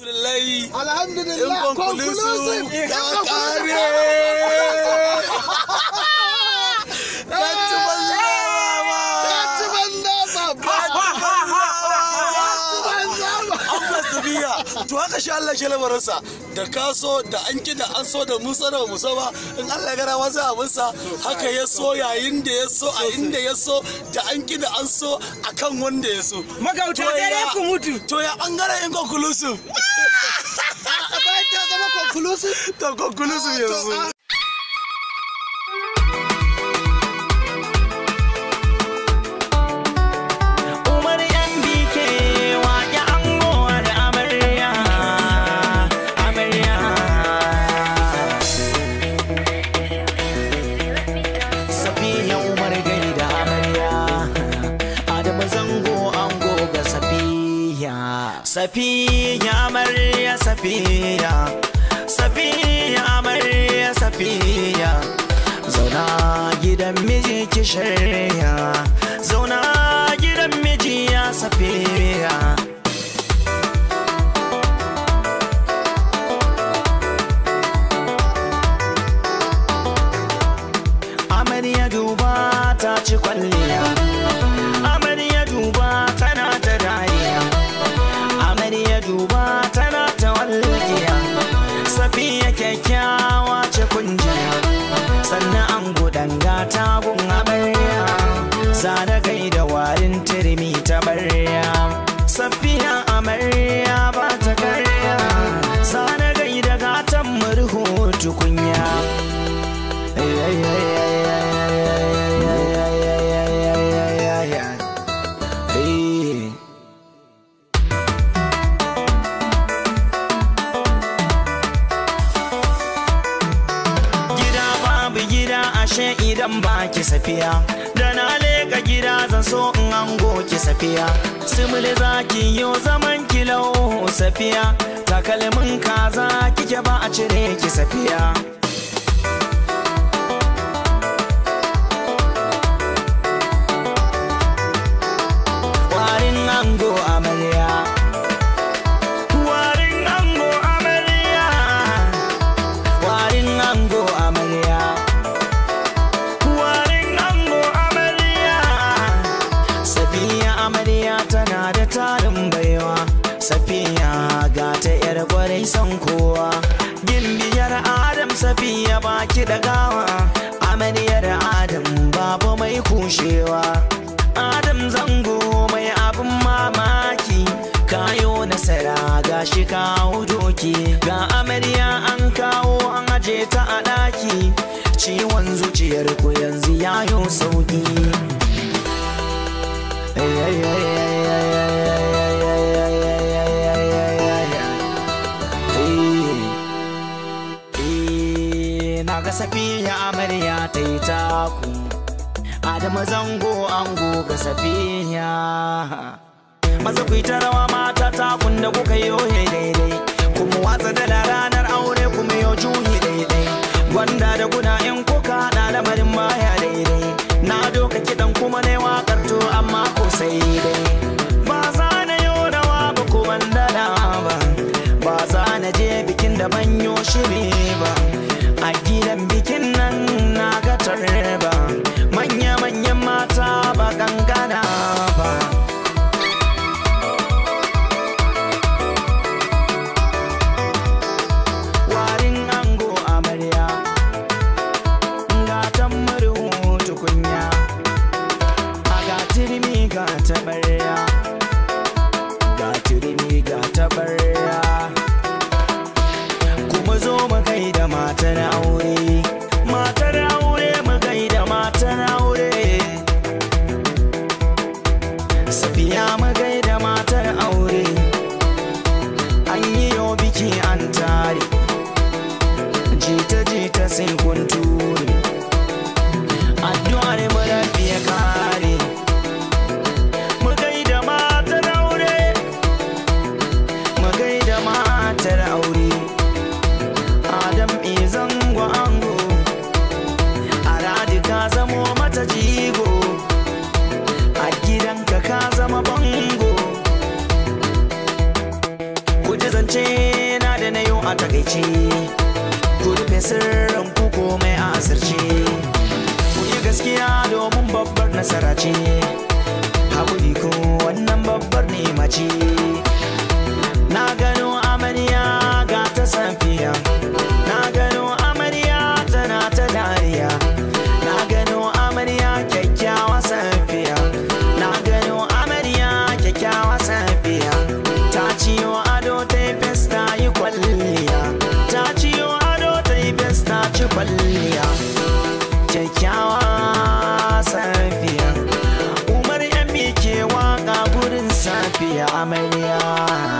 Alhamdulillah, inconclusive, inconclusive. to haka shi Allah ke lamarinsa da kaso da an ki da an so da musa da musa ba in Allah gara wasu abinsa haka ya so yayin da ya so a inda ya so da an ki da an so a kan wanda ya so. Magauta ya ku mutu. To ya bangaren in conclusive. Bayan ta zama conclusive? To conclusive ah, yanzu. Ah. safiya amarya safiya safiya amarya safiya zauna gidan miji ki shirya zauna gidan miji ya safiya duba tana ta walgiya safiya kyakkyawa ce kunjiya sannan an gudan gata gun abarya zana gai da warin turmi ta barya safiya amarya ba ta karya zana gai da gatan murhu tukunya ashe idan ba ki safiya da na leka gida zan so in ango ki safiya simile za ki yo zaman kilau safiya takalmin kaza kike ba a cire ki safiya kowa gindiyar adam safiya baki da gawa amaniyar adam babu mai kushewa adam zango mai abin mamaki kayo nasara shi kawo doki ga amarya an kawo an aje ta a ɗaki ciwon zuciyar ku yanzu ya yi sauki safiya amarya ta yi taku adama zango ango ga safiya maza ku yi ta rawa mata takun da kuka yi yohe daidai kuma watsa da ranar aure kuma yau juhi daidai gwanda da guna in kuka na lamarin maya daidai na doka kiɗan kuma ne wakar to amma ko sai dai ba za na yi rawa ba kuma bandana ba ba za na je bikin da banyo shiri matar aure matar aure mu gaida matar aure safiya mu gaida matar aure an yi yau biki an tare jita jita sai kuntu zance na da na yau a takaice ku rufe sirrin ku komai a asirci ku yi gaskiya domin babbar nasara ce haƙuri ku. kwalliya kyakkyawa safiya umar yan ke waka gurin safiya amarya